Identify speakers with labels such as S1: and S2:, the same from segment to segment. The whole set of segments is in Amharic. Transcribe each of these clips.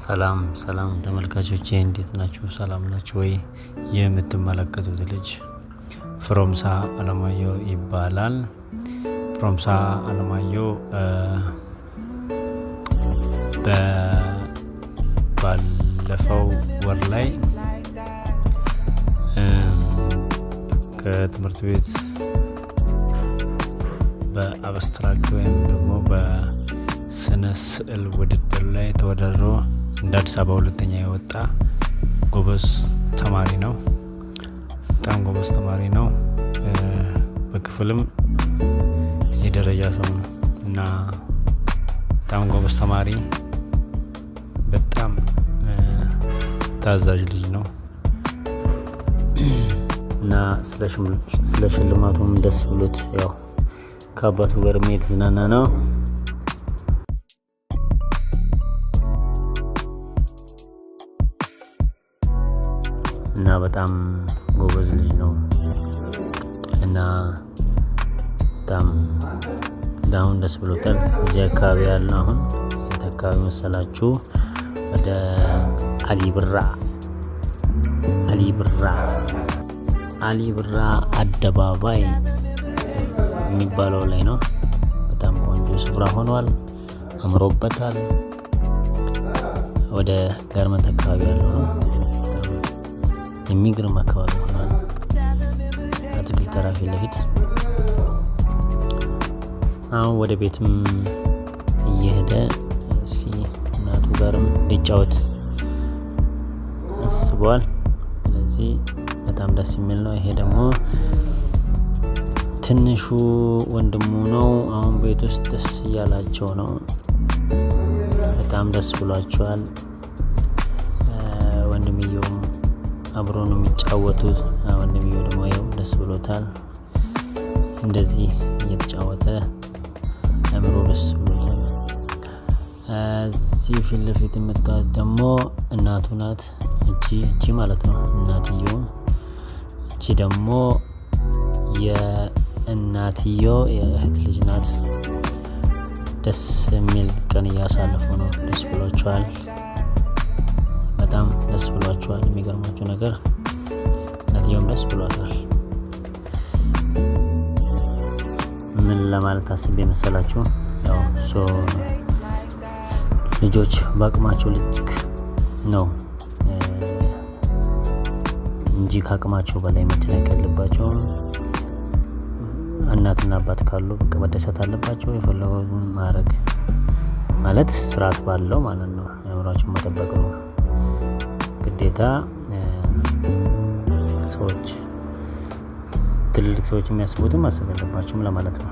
S1: ሰላም ሰላም ተመልካቾቼ እንዴት ናችሁ? ሰላም ናችሁ ወይ? የምትመለከቱት ልጅ ፍሮምሳ አለማየሁ ይባላል። ፍሮምሳ አለማየሁ ባለፈው ወር ላይ ከትምህርት ቤት በአብስትራክት ወይም ደግሞ በስነ ስዕል ውድድር ላይ ተወዳድሮ እንደ አዲስ አበባ ሁለተኛ የወጣ ጎበዝ ተማሪ ነው። በጣም ጎበዝ ተማሪ ነው። በክፍልም የደረጃ ሰው ነው እና በጣም ጎበዝ ተማሪ፣ በጣም ታዛዥ ልጅ ነው እና ስለ ሽልማቱም ደስ ብሎት ያው ከአባቱ ጋር የሚሄድ ዝናና ነው እና በጣም ጎበዝ ልጅ ነው እና በጣም አሁን ደስ ብሎታል። እዚህ አካባቢ ያለ አሁን የት አካባቢ መሰላችሁ? ወደ አሊብራ አሊብራ አሊብራ አደባባይ የሚባለው ላይ ነው። በጣም ቆንጆ ስፍራ ሆኗል፣ አምሮበታል። ወደ ገርመት አካባቢ ያለው ነው። የሚግርም አካባቢ ሆኗል። አትክልት ተራ ፊት ለፊት አሁን ወደ ቤትም እየሄደ እስኪ እናቱ ጋርም ሊጫወት አስቧል። ስለዚህ በጣም ደስ የሚል ነው። ይሄ ደግሞ ትንሹ ወንድሙ ነው። አሁን ቤት ውስጥ ደስ እያላቸው ነው። በጣም ደስ ብሏቸዋል። አብሮ ነው የሚጫወቱት። ወንድምየው ደግሞ ያው ደስ ብሎታል። እንደዚህ እየተጫወተ አእምሮ ደስ ብሎታል። እዚህ ፊት ለፊት የምታዩት ደግሞ እናቱ ናት። እቺ እቺ ማለት ነው እናትየው። እቺ ደግሞ የእናትየው የእህት ልጅ ናት። ደስ የሚል ቀን እያሳለፉ ነው። ደስ ብሏቸዋል። በጣም ደስ ብሏቸዋል። የሚገርማቸው ነገር እናትየውም ደስ ብሏታል። ምን ለማለት አስቤ መሰላችሁ? ያው ልጆች በአቅማቸው ልክ ነው እንጂ ከአቅማቸው በላይ መጨነቅ ያለባቸው እናትና አባት ካሉ በቃ መደሰት አለባቸው። የፈለገውን ማድረግ ማለት ስርዓት ባለው ማለት ነው። የአእምሯቸውን መጠበቅ ነው። ግዴታ ሰዎች ትልልቅ ሰዎች የሚያስቡትም ማሰብ ያለባቸውም ለማለት ነው።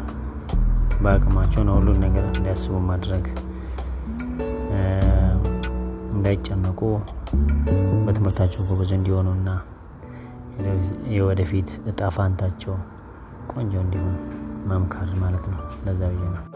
S1: በአቅማቸው ነው ሁሉን ነገር እንዲያስቡ ማድረግ እንዳይጨነቁ በትምህርታቸው ጎበዝ እና የወደፊት እጣ ፋንታቸው ቆንጆ እንዲሆን መምከር ማለት ነው። ለዛ ብዬ ነው።